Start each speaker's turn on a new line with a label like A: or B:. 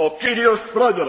A: o Kyrijos pradeda.